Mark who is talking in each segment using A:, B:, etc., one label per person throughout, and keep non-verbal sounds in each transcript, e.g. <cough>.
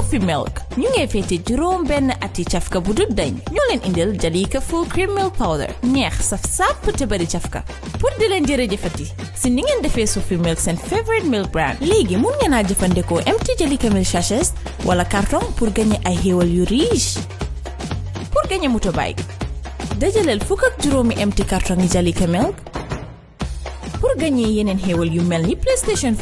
A: Sophie Milk ñu ngee féete juróom benn ati cafka bu dut dañ ñoo leen indil Jalika full cream milk powder ñeex saf sàpp te bari cafka pour di leen jërëjëfati si ni ngeen defee Sophie Milk seen favorite milk brand léegi mun ngeen a jëfandikoo empty Jalika milk sachets wala carton pour gagner ay xéewal yu riche pour gagner motorbike dajaleel fukk ak juróomi empty carton Jalika milk pour gagner yeneen xéewal yu mel ni PlayStation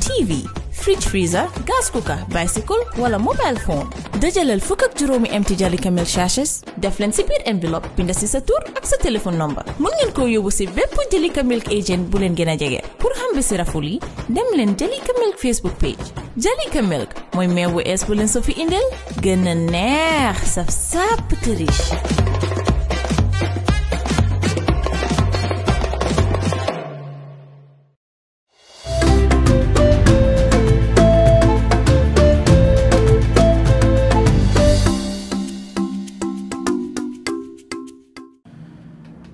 A: TV fridge freezer gas cooker bicycle wala mobile phone dajaleel fukk ak juróomi mt Jolly Camel sachets def leen si biir enveloppe binda si sa tur sa téléphone number mën si bépp Jalika Milk agent bu leen gën a jege pour si raful yi dem leen Jalika Milk Facebook page Jalika Milk mooy meew bu ees bu leen so fi indeel gën a neex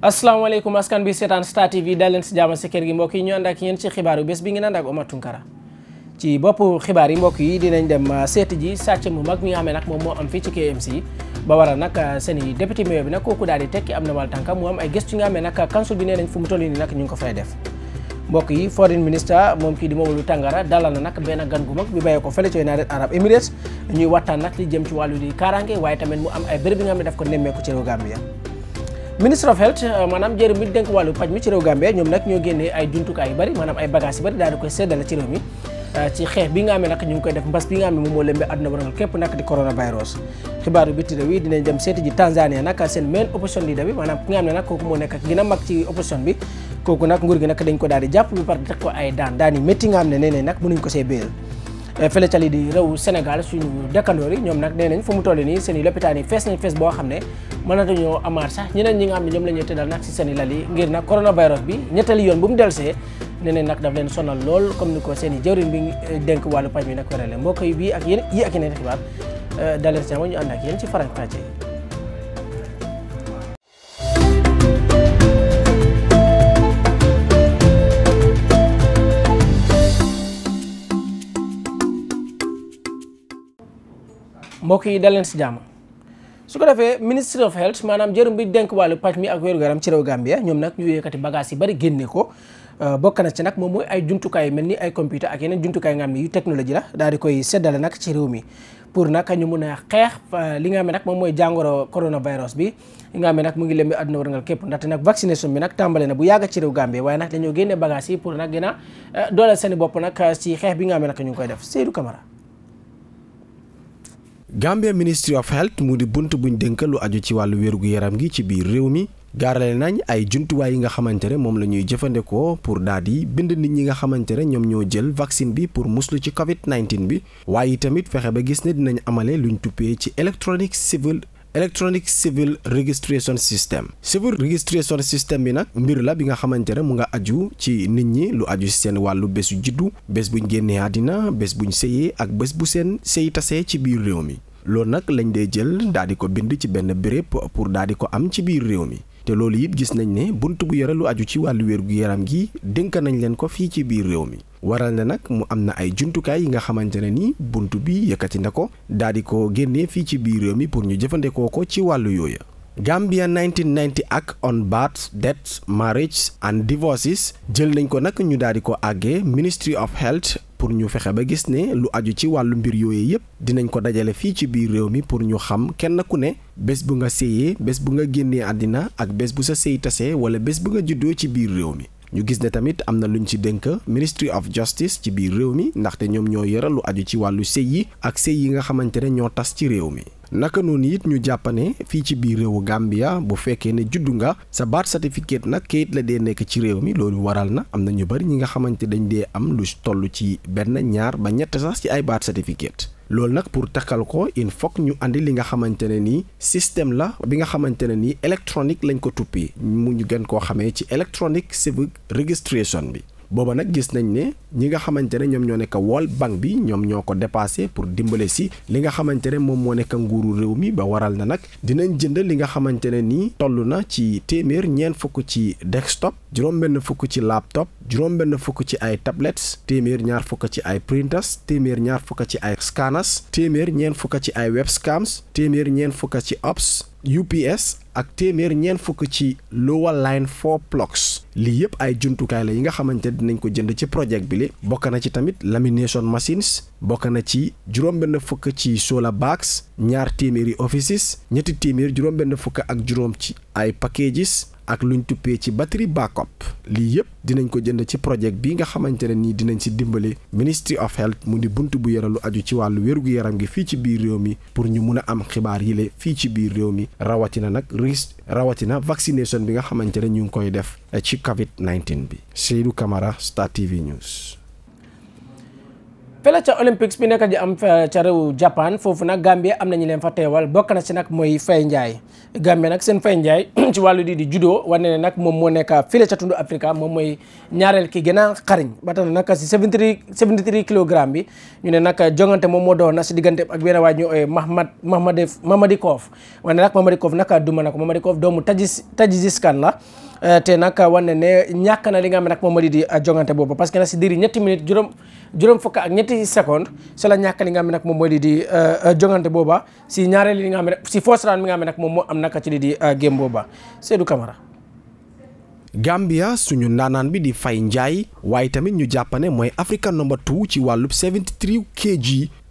B: asalaamaaleykum askan bi seetaan Star TV daal leen si jàmm si kër gi mbokk yi ñu ànd ak ci xibaaru bés bi ngeen ànd ak Omar Tunkara ci bopp xibaar yi mbokk yi dinañ dem ah, seeti ji sàcc mu mag nga xam ne moom moo am fii ci ah, i député maire bi nag kooku daal di tekki am na mal tànka mu am ay gëstu yi nga xam ne nag council bi nee nañ fu mu toll nii nag ñu ngi ko fay def mbokk foreign minister moom kii di Momodou Tangara dalal na nag benn gan gu mag bi bàyyee ko fële ci United Arab Emirates ñuy waxtaan nag li jëm ci wàllu di kaaraange waaye tamit mu am ay bërëb bi nga xam ne daf ko nemmeeku ci réew Gambia ministre of health euh, maanaam jërëm mi dénk wàllu paj mi ci réew Gambie ñoom nag ñoo génnee ay jumtukaay yu bari maanaam ay bagages yu bari daal di euh, a mag ci ko daal di jàpp bi par ko ay daan daan yi métti nga ne nee ne nag mënuñ ko see béyal Euh, fële ca li di réewu Sénégal suñu dëkkandoor yi ñoom nag nee nañ fu mu toll nii seen i lopitaan yi fees nañ fees boo xam ne mën na dañoo amaat sax ñeneen ñi nga xam ne ñoom la ñuy tëddal nag si seen i lal ngir nag coronavirus bi ñettali yoon bu mu delsee ne ne nag daf leen sonal lool comme ni ko seen i jawriñ bi dénk wàllu paj mi nag wérale mbokk yi bii ak yéen yi ak yeneen xibaar euh, daleen si jàmm ñu ànd ak yéen ci faram fàcce mbokk yi dal leen si jàmm su ko defee ministry of health maanaam jërëm bi denk wàllu paj mi ak wéru yaram ci réew Gambia ñoom nag ñu yëkkati bagage yi bari génne ko euh, bokk na ci nag moom mooy ay jumtukaay yu mel ni ay computer ak yeneen jumtukaay nga xam ne yu technologie la daal di koy seddale nag ci réew a xeex euh, li nga xam ne moom mooy jàngoro coronavirus bi nga xam ne nag mu ngi lembi àdduna warngal képp ndaxte nag vaccination bi nag tàmbale na bu yàgg ci réew Gambie waaye nag dañoo génne bagage yi pour nag gën a euh, dooleel seen bopp nag ci xeex bi nga xam ne nag ñu ngi koy def Seydou Camara
C: Gambia Ministry of Health mu di bunt buñ dénk lu aju ci wàllu wérgu yaram gi ci biir réew mi gaarale nañ ay jumtuwaay yi nga xamante ne moom la ñuy jëfandikoo pour daal di bind nit ñi nga xamante ne ñoom ñoo jël vaccine bi pour muslu ci Covid 19 bi waaye tamit fexe ba gis ne dinañ amale luñ tuppee ci Electronic Civil electronic civil registration system civil registration system bi nag mbir la bi nga xamante ne mu nga aju ci nit ñi lu aju ci seen wàllu bésu juddu bés buñ génnee àddina bés buñ sëyee ak bés bu seen sëy tasee ci biir réew mi loolu nag lañ dee jël daal di ko bind ci benn béréb pour daal di ko am ci biir réew mi te loolu it gis nañ ne bunt bu yore lu aju ci wàllu wér-gu-yaram gi dénk nañ leen ko fii ci biir réew mi waral na nag mu am na ay jumtukaay yi nga xamante ne ni bunt bi yëkkati na ko daal di ko génnee fii ci biir réew mi pour ñu jëfandikoo ko ci wàllu yooya Gambia 1990 Act on Birth, Death, Marriage and Divorces jël nañ ko nag ñu daal di ko àggee Ministry of Health pour ñu fexe ba gis ne lu aju ci wàllu mbir yooyu yëpp dinañ ko dajale fii ci biir réew mi pour ñu xam kenn ku ne bés bu nga séyee bés bu nga génnee àddina ak bés bu sa séy tasee wala bés bu nga juddoo ci biir réew mi ñu gis ne tamit am na lu ñu ci dénk Ministry of Justice ci biir réew mi ndaxte ñoom ñoo yëral lu aju ci wàllu séy yi ak séy yi nga xamante ne ñoo tas ci réew mi naka noonu it ñu jàppane fii ci biir réewu Gambia bu fekkee ne juddu nga sa baat certificate nag kayit la dee nekk ci réew mi loolu waral na am na ñu bëri ñi nga xamante dañ dee am lu toll ci benn ñaar ba ñett sax ci ay baat certificate loolu nag pour takkal ko il faut ñu indi li nga xamante ne nii système la bi nga xamante ne ni électronique lañ ko tuppee mu ñu gën koo xamee ci electronic civic registration bi booba nag gis nañ ne ñi nga xamante ne ñoom ñoo nekk World Bank bi ñoom ñoo ko dépassé pour dimbale si li nga xamante ne moom moo nekk nguuru réew mi ba waral na nag dinañ jënd li nga xamante ne nii toll na ci téeméer ñeent fukk ci desktop juróom-benn fukk ci laptop juróom-benn fukk ci ay tablettes téeméer ñaar fukk ci ay printers téeméer ñaar fukk ci ay scanners téeméer ñeent fukk ci ay webcams téeméer ñeent fukk ci apps UPS ak téeméer ñeent fukk ci lower line four blocks lii yëpp ay jumtukaay la yi nga xamante dinañ ko jënd ci projet bi li bokk na ci tamit lamination machines bokk na ci juróom fukk ci solar bags ñaar téeméeri offices ñetti téeméer juróom fukk ak juróom ci ay packages ak luñ tuppee ci batterie backup lii yëpp dinañ ko jënd ci projet bi nga xamante ne nii dinañ ci dimbali Ministry of Health mu di bunt bu yore lu aju ci wàllu wérgu yaram gi fii ci biir réew mi pour ñu mun a am xibaar yi fii ci biir réew mi rawatina nag risque rawatina vaccination bi nga xamante ne ñu ngi koy def ci Covid 19 bi Seydou kamara Star TV News.
B: fële ca olympics bi nekk di am ca réew Japan foofu nag Gambie am nañu leen fa teewal bokk na si nag mooy fay Ndiaye Gambie nag seen fay Ndiaye <clears throat> ci wàllu di di judo wane ne nag moom moo nekka fële ca tundu Afrika moom mooy ñaareel ki gën xariñ ba tax na nag si 73 kilogramme bi ñu ne nag jongante moom moo doon na si diggante ak benn waay ñu ooyee Mahmad Mahmadi Mahmadi Koof wane nag Mahmadi Koof nag duma na ko Mahmadi Koof doomu Tajis Tajisistan la. Euh, te nag wane ne ñàkk na li nga xam ne moom ma di di euh, jongante boobu parce que nag si diir ñetti minutes juróom juróom ak ñetti seconde si la ñàkk li nga xam ne moom moo di di euh, jongante booba si ñaareel li nga xam ne si first round mi nga xam ne nag moom moo am naka ci li di game booba Seydou Camara.
C: Gambia suñu naanaan bi di fay Njie waaye tamit ñu jàppane mooy African number two ci wàllub 73 kg.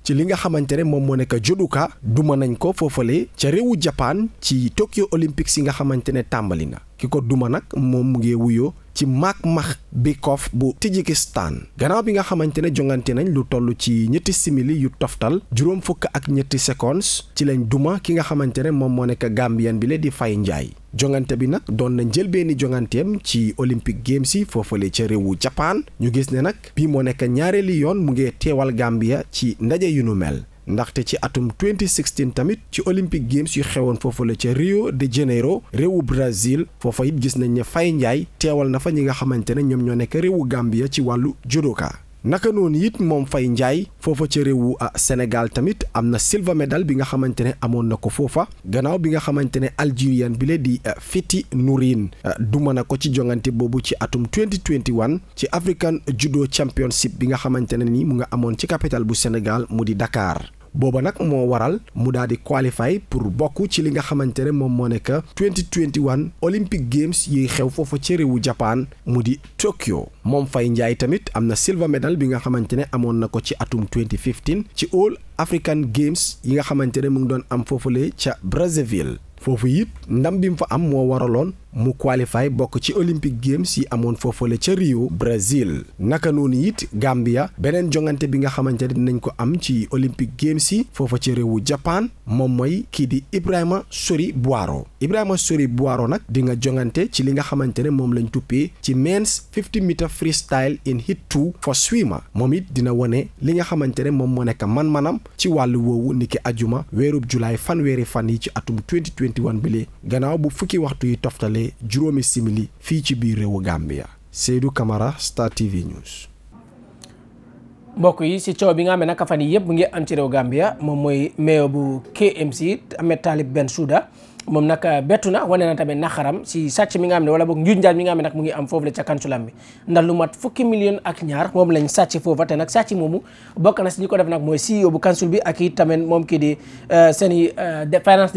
C: ci li nga xamante ne moom moo nekk judoka duma nañ ko foofale ca réewu Japan ci Tokyo Olympics yi nga xamante ne tàmbali na ki ko duma nag moom mu ngi wuyoo ci maak max bi kof bu Tijikistan gannaaw bi nga xamante ne jongante nañ lu toll ci ñetti simili yu toftal juróom fukk ak ñetti secondes ci lañ duma ki nga xamante ne moom moo nekk Gambien bi la di Faye Ndiaye jongante bi nag doon na njël benn jonganteem ci Olympic Games yi foofale ca réewu Japan ñu gis ne nag bii moo nekk ñaareeli yoon mu ngi teewal Gambia ci ndaje yu nu mel ndaxte ci atum 2016 tamit ci Olympic Games yu xewoon foofu la ca Rio de Janeiro réewu Brésil foofa it gis nañ ne Faye Ndiaye teewal na fa ñi nga xamante ne ñoom ñoo nekk réewu Gambia ci wàllu judoka naka noonu it moom fay Ndiaye foofa ca réewu ah, Sénégal tamit am na silver medal bi nga xamante ne amoon na ko foofa gannaaw bi nga xamante ne algérien bi le di ah, Fiti Nourine ah, duma na ko ci jongante boobu ci atum 2021 ci African Judo Championship bi nga xamante ne ni mu nga amoon ci capital bu Sénégal mu di Dakar booba nag moo waral mu daal di qualifier pour bokk ci li nga xamante ne moom moo nekk 2021 Olympic Games yiy xew foofa ci réewu Japan mu di Tokyo moom fay Ndiaye tamit am na silver medal bi nga xamante ne amoon na ko ci atum 2015 ci All African Games yi nga xamante ne mu ngi doon am foofule ca Brazzaville foofu it ndam bi mu fa am moo waraloon mu qualifié bokk ci Olympic Games yi amoon foofale ca Rio Brésil naka noonu it Gambia beneen jongante bi nga xamante ne dinañ ko am ci Olympic Games yi foofa ci réewu Japan moom mooy kii di Ibrahima Sori Boiro Ibrahima Sori Boiro nag di nga jongante ci li nga xamante ne moom lañ tuppee ci men's 50 meter freestyle in hit two for swimmer moom it dina wane li nga xamante ne moom moo nekk man-manam ci wàllu woowu niki ajuma weerub julaay fanweeri fan yi ci atum 2021 bi gannaaw juróomi simili fii ci biir réewu Gambia Seydou kamara Star TV News.
B: mbokk yi si coow bi nga xam ne nag fan yii yëpp mu ngi am ci réew Gambia moom mooy mayor bu KMC Ahmed benn Bensouda moom nag euh, bettu na wane na tamit naxaram si sàcc mi nga xam ne wala boog njuuj njaaj mi nga xam ne nag mu ngi am foofu la lu si e euh, i euh, finance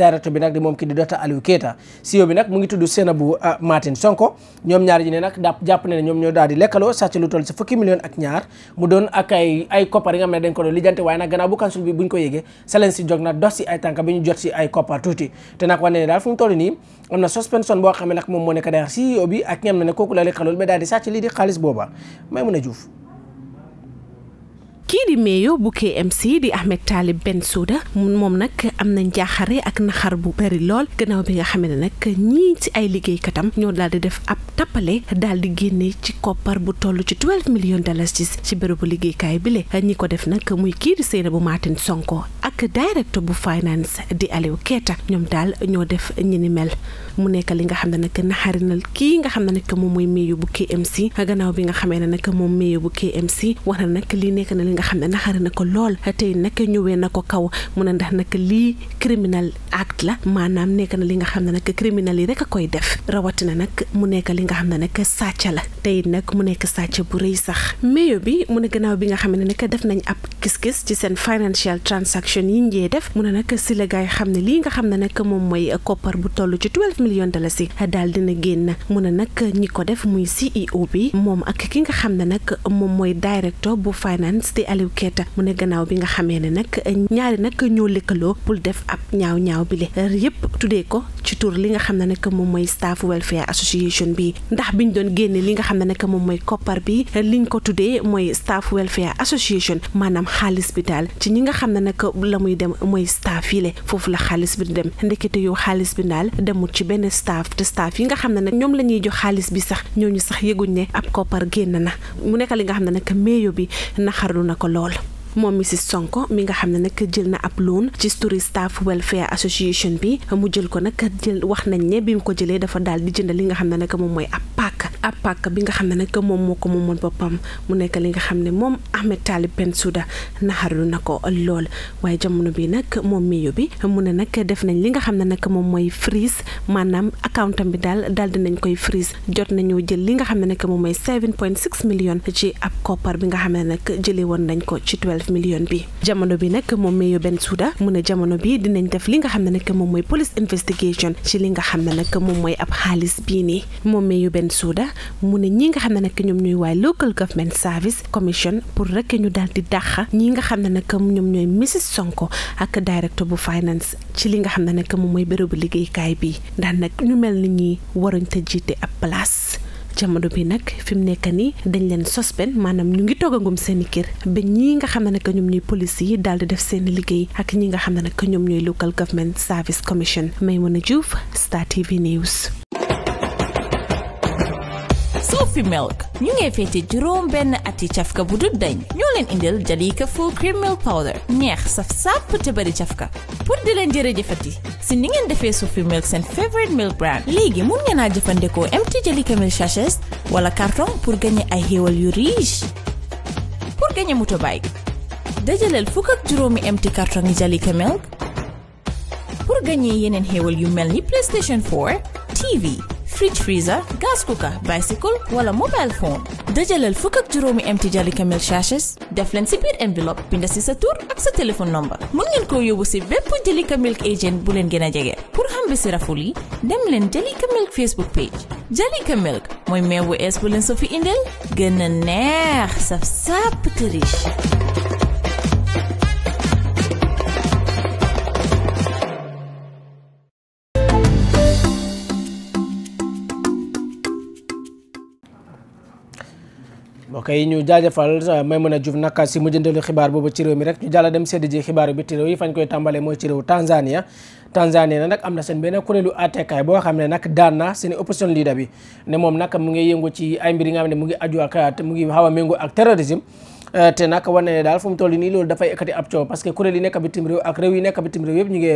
B: e ngi tudd Seynabou Martin Sonko ñoom ñaar ñoo daal di lekkaloo sàcc lu toll si fukki million ak ñaar mu doon ak ay ay koppar yi nga ko doon lijjante waaye nag gannaaw bu kansul bi buñ ko yégee sa leen si jóg nag dox ay tànk bi ñu jot si ay koppar tuuti te nag wane ne daal fu mu toll nii am na suspension boo xam ne moom moo nekk derrière CEO bi ak ñam ne ne kooku la lekk xalool daal di sàcc lii di xaalis booba may mën a juuf
D: kii di meeyo bu KMC di Ahmed Talib Bensouda moom nag am na njaaxare ak naxar bu bari lool gannaaw bi nga xam ne nag ñii ci ay liggéeykatam ñoo daal di def ab tappale daal di génne ci koppar bu toll ci 12 millions dollars ci bérébu liggéeykaay bi bile ñi ko def nag muy kii di Seynabou Martin Sonko ak directeur bu finance di Aliou Keita ñoom daal ñoo def ñi ni mel mu nekk li nga xam ne nag naxari na kii nga xam ne nag moom mooy meeyo bu KMC gannaaw bi nga xamee nag moom meeyo bu KMC wax na nag nekk na nga xam ne na ko lool tey nag ñëwee na ko kaw mu ne ndax nag lii criminal act la maanaam nekk na li nga xam ne nag criminal yi rek a koy def rawatina nag mu nekk li nga xam ne nag sàcc la tey nag mu nekk sàcc bu rëy sax mayo bi mu ne gannaaw bi nga xam ne nag def nañ ab gis-gis ci seen financial transaction yi njee def mu ne nag si la gaay xam ne lii nga xam ne nag moom mooy koppar bu toll ci 12 millions dalasi daal na génn mu ne nag ñi ko def muy CEO bi moom ak ki nga xam ne nag moom mooy directeur bu finance di Aliou Keita mu ne gannaaw bi nga xamee ne nag ñaari nag ñoo lëkkaloo pour def ab ñaaw ñaaw bi bile yëpp tuddee ko ci tur li nga xam ne nag moom mooy staff welfare association bi ndax bi ñu doon génnee li nga xam ne nag moom mooy koppar bi ñu ko tuddee mooy staff welfare association maanaam xaalis bi daal ci ñi nga xam ne nag la muy dem mooy staff yi le foofu la xaalis bi dem ndekete yow xaalis bi daal demul ci benn staff te staff yi nga xam ne nag ñoom la ñuy jox xaalis bi sax ñooñu sax yëguñ ne ab koppar génn na mu nekk li nga xam ne nag méyo bi naxarlu na ko lool moom Mrs Sonko mi nga xam ne nag jël na ab loon ci tourist staff welfare association bi mu jël ko nag jël wax nañ ne bi mu ko jëlee dafa daal di jënd li nga xam ne nag moom mooy ab pàkk ab pàkk bi nga xam ne nag moom moo ko moomoon boppam mu nekk li nga xam ne moom Ahmed Talib Bensouda naxarlu na ko lool waaye jamono bi nag moom miyu bi mu ne nag def nañ li nga xam ne nag moom mooy freeze maanaam accountam bi daal daal dinañ koy freeze jot nañu jël li nga xam ne nag moom mooy 7.6 million ci ab koppar bi nga xam ne nag jëlee woon nañ ko ci million millions bi jamono bi nag moom meeyo Bensouda mu ne jamono bi dinañ def li nga xam ne nag moom mooy police investigation ci li nga xam ne nag moom mooy ab xaalis bii nii moom benn suuda mu ne ñi nga xam ne nag ñoom ñooy waaye local government service commission pour rek ñu daal di dàq ñi nga xam ne nag ñoom ñooy Mrs Sonko ak directeur bu finance ci li nga xam ne nag moom mooy bérébu liggéeykaay bi ndax nag ñu mel ni ñi waruñ te jiite ab place jamono bi nag fi mu nekk nii dañ leen suspend maanaam ñu ngi toogangum seen i kër ba ñii nga xam ne nag ñoom ñooy police yi daal di def seen liggéey ak ñi nga xam ne nag ñoom ñooy local government service
A: commission Maimouna Diouf Star TV News. Sophie Milk ñu ngee féete juróom benn ati cafka bu dut dañ ñoo leen indil Jalika full cream milk powder ñeex saf sàpp te bari cafka pour di leen jërëjëfati si ni ngeen defee Sophie Milk seen favorite milk brand léegi mun ngeen a jëfandikoo mt Jalika milk sachets wala carton pour gagner ay xéewal yu riche pour gagner motorbike dajaleel fukk ak juróomi mt carton Jalika milk pour gagner yeneen xéewal yu mel ni PlayStation TV fridge freezer gas cooker bicycle wala mobile phone dajaleel fukk ak juróomi mt Jolly Camel sachets def leen si biir enveloppe binda si sa sa téléphone number mën ngeen koo yóbbu si bépp Jolly Camel agent bu leen gën a jege pour xam bi si raful yi dem leen Jolly Camel Facebook page Jalika Milk mooy meew bu ees bu leen sa fi indil gën a neex
B: ok ñu jaajëfal euh, Maimouna Diouf naka si mujjantalu xibaar boobu ci réew mi rek ñu jàll dem sédd ji xibaaru bi ci yi fañ koy tàmbalee mooy ci réew Tanzania Tanzania am na seen benn kuréelu àttekaay boo xam ne nag daal fu mu toll loolu dafay ekkati ab coow parce que kuréel yi nekk bitim réew ak réew yi bitim réew yëpp ñu ngi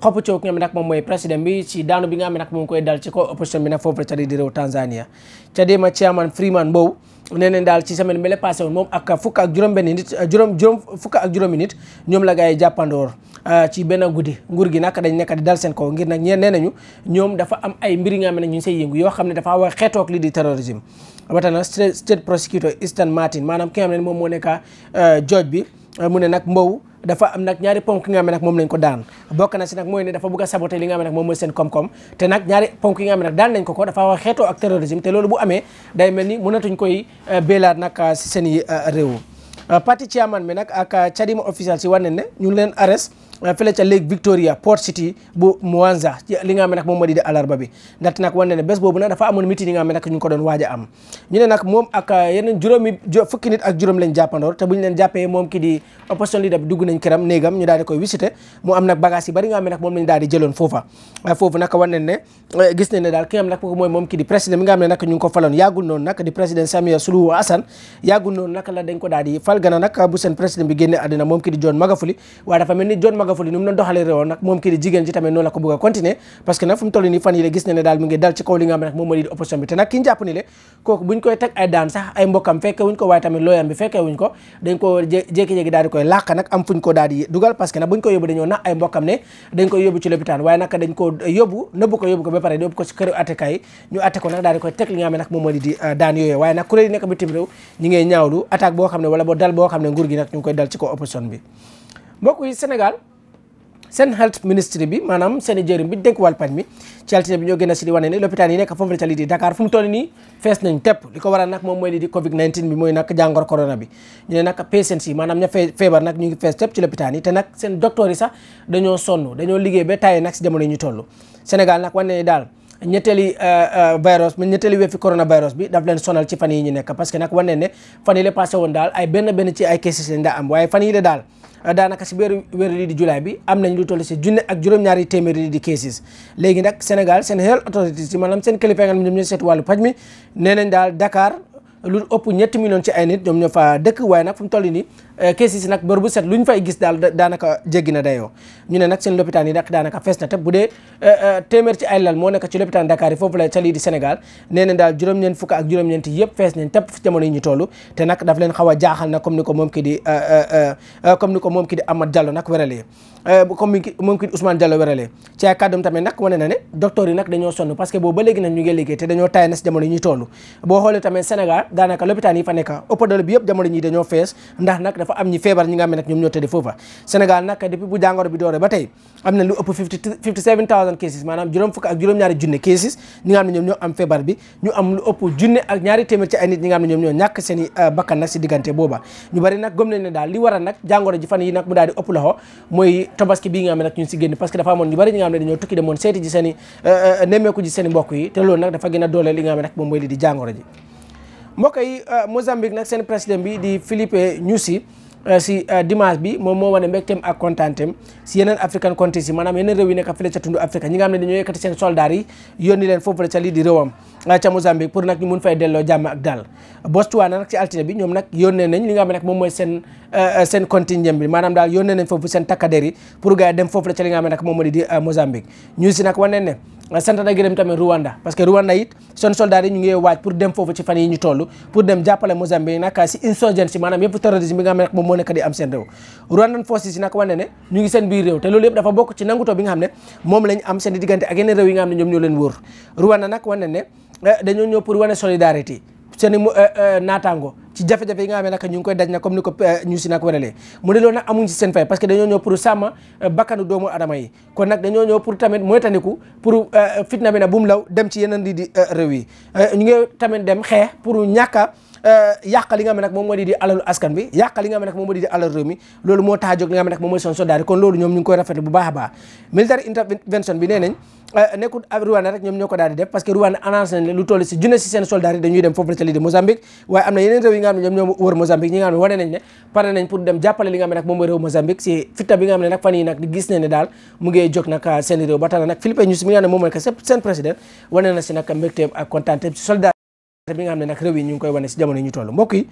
B: xopp nga moom mooy président bi ci daanu bi nga xam koy dal ci ko opposition bi nag foofu la Tanzania Chadema chairman Freeman Mbow nee neen daal ci semaine bi la passé woon moom ak fukk ak juróom benn nit juróom ñoom la gars yi jàppandoor euh, ci benn guddi nguur gi nag dañ nekk di dal seen kaw ngir nag ñeen nee nañu ñoom dafa am ay mbir nga xam ne ñu ngi say yëngu yoo xam ne dafa wax xeetoog lii di terrorisme ba tax na state prosecutor Eastern Martin maanaam ki nga xam ne moom moo nekk euh, judge bi Euh, mu ne nag Mbow dafa am nag ñaari ponk yi nga xam nag moom lañ ko daan bokk na si nag mooy ne dafa bëgg a saboter li nga xam ne nag moom mooy seen koom-koom te nag ñaari ponk yi nga xam ne nag daan nañ ko ko dafa wax xeetoo ak terrorisme te loolu bu amee day mel ni mënatuñ koy euh, beelaat nag euh, si seen i réew parti chairman bi nag ak Chadima official si war nañ ne ñu leen arrest Euh, fële ca Lake Victoria Port City bu Mwanza ci li nga xam ne moom moo di alarba bi ndaxte nag wane yi nga am ñu euh, juróom lañ jàppandoor moom ki di opposition leader bi dugg nañ këram néegam ñu daal di koy visité mu am bari nga xam ne moom lañ daal di jëloon foofa euh, ne gis nañ ne daal ki nga xam nag moom ki di président mi nga xam ne nag ko faloon yàggul noonu nag di président Samia Suluhu Hassan yàggul noonu nag la dañ ko daal fal gana Magufuli ni mu doon doxalee réew nag moom kii di daan sax waaye nag am fuñ bitim réew ñi ngay ñaawlu attaque boo xam ne wala boo dal boo xam ne nguur gi nag ñu koy dal ci ko opposition bi mbokk yi Sénégal seen health ministry bi maanaam seen jëriñ bi dénk wàllu paj mi ci bi ñoo gën a si di wane ne l'hôpital yi nekk foofu la ca lii di Dakar fu mu toll nii fees nañ tepp li ko waral nag moom mooy lii di covid 19 bi mooy nag jàngor corona bi ñu ne nag patients yi maanaam ña fee feebar nag ñu ngi fees tepp ci l'hôpital te nag seen docteur yi sax dañoo sonn dañoo liggéey ba tàyyi nag si jamono yi ñu toll Sénégal nag wane daal ñetteeli euh, euh, virus ñetteeli weefi coronavirus bi daf leen sonal ci fan yi ñu nekk parce que nag wane ne fan yi la passé woon daal ay benn benn ci ay cases lañ daa am waaye fan yi la daal euh, daanaka si weeru weeru lii di julaay bi am nañ lu toll si junne ak juróom-ñaari téeméeri lii di cases léegi nag Sénégal seen health authorities yi maanaam seen kilifa nga ñoom ñooy mi nee nañ daal Dakar lu ëpp ñetti million ci ay nit ñoom ñoo fa dëkk waaye nag fu toll nii Euh, kees yi nag bër set lu ñu fay gis daal daanaka jéggi na dayoo ñu ne nag seen lopitaan daanaka fees na te bu dee euh, euh, téeméer ci ay lal moo nekk ci lopitaan Dakar yi foofu la ca lii di daal juróom-ñeent fukk ak juróom-ñeent yëpp fees nañ tepp jamono yi ñu te nag daf leen xaw a jaaxal nag comme ni ko moom ki di comme ni ko moom ki di Amath moom ki di Ousmane Diallo weralee ci ay kàddum tamit nag wane na ne docteur yi nag dañoo sonn parce que boobu ba léegi nag ñu ngi liggéey te dañoo yi fa nekk hôpital bi yëpp jamono yi dafa am ñi feebar ñi nga xam ne nag ñoom ñoo tëddee foofa Sénégal nag depuis bu jàngoro bi dooree ba tey am na lu ëpp 50 57000 cases maanaam juróom fukk ak juróom-ñaari junne cases ñi nga xam ne ñoom ñoo am feebar bi ñu am ne ñoom ñoo ñàkk seen euh, bakkan nag si diggante booba ñu bari nag gëm daal li waral nag jàngoro ji fan yi nag mu daal di ëpp loxo mooy tabaski bii nga xam ne nag ñun si génn parce que dafa amoon ñu bari ñi nga xam ne dañoo tukki demoon seeti ji seen euh, euh, nemmeeku a doole li nga ji mbokk yi euh, Mozambique nag seen président bi di Filipe Nyusi euh, si euh, dimanche bi moom moo wane mbégteem ak kontaanteem si yeneen african countries yi maanaam yeneen réew yi nekk ne dañoo yëkkati seen soldats yi yónni leen foofu la ca lii di réewam ca Mozambique pour nag ñu mun nga xam ne moom mooy seen seen contingent maanaam daal yónnee nañ foofu seen takkadeer yi pour gars yi dem foofu la ca li nga xam ne nag moom moo ne Euh, sant na gërëm tamit Rwanda parce que Rwanda it seen soldats yi ñu ngi waaj pour dem foofu ci fan yi ñu toll pour dem jàppale moom moo am seen réew Rwandan forces yi nag wane ne ñu ngi seen biir réew te loolu yëpp dafa bokk ci nangutoo bi nga xam ne moom lañ Rwanda nag wane ne euh, dañoo ñëw pour wane solidarité seen i euh, ci jafe-jafe yi nga xam ne nag koy daj na comme ni ko ñu euh, si nag waralee mu ne loolu nag amuñ si seen fay parce que dañoo ñëw pour sàmm euh, bakkanu doomu adama yi kon nag dañoo ñëw pour tamit mooy tandiku pour euh, fitna bi na bu mu law dem ci yeneen di di réew yi ñu ngi tamit dem xeex pour ñàkka yàq li nga xam ne nag moom moo di alalu askan bi yàq li nga xam ne nag moom moo di di alalu a jóg mooy seen soldat kon loolu ñoom ñu ngi koy rafetlu bu baax a baax military intervention bi nee nañ Euh, nekkul Rwanda rek ñoom ñoo ko daal def parce que Rwanda annoncé nañ lu toll si junne si seen soldats yi dañuy dem foofu la Mozambique waaye am na yeneen ne pare nañ pour dem jàppale li nga xam ne moom mooy réew Mozambique si fitta bi nga xam ne nag fan yi gis nañ daal mu ngi jóg nag seen réew ba tax na nag Filipe mi nga xam ne moom mooy seen président wane na si nag mbégte ak kontaan si soldat bi nga xam ne nag réew yi ñu ngi koy ñu toll mbokk yi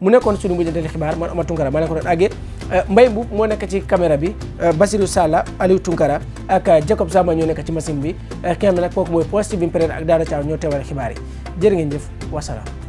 B: mu nekkoon suñu mujjantali xibaar man Omar Tunkara ma nekkoon àggee eh, Mbaye Mbuub moo nekk ci caméra bi eh, Basirou Salla Aliou Tunkara ak eh, Jacob Samba ñoo nekk ci machine bi ki nga xam ne nag kooku mooy poste bi mu ak Daara Thiaw ñoo teewal xibaar yi jërë ngeen jëf wasalaam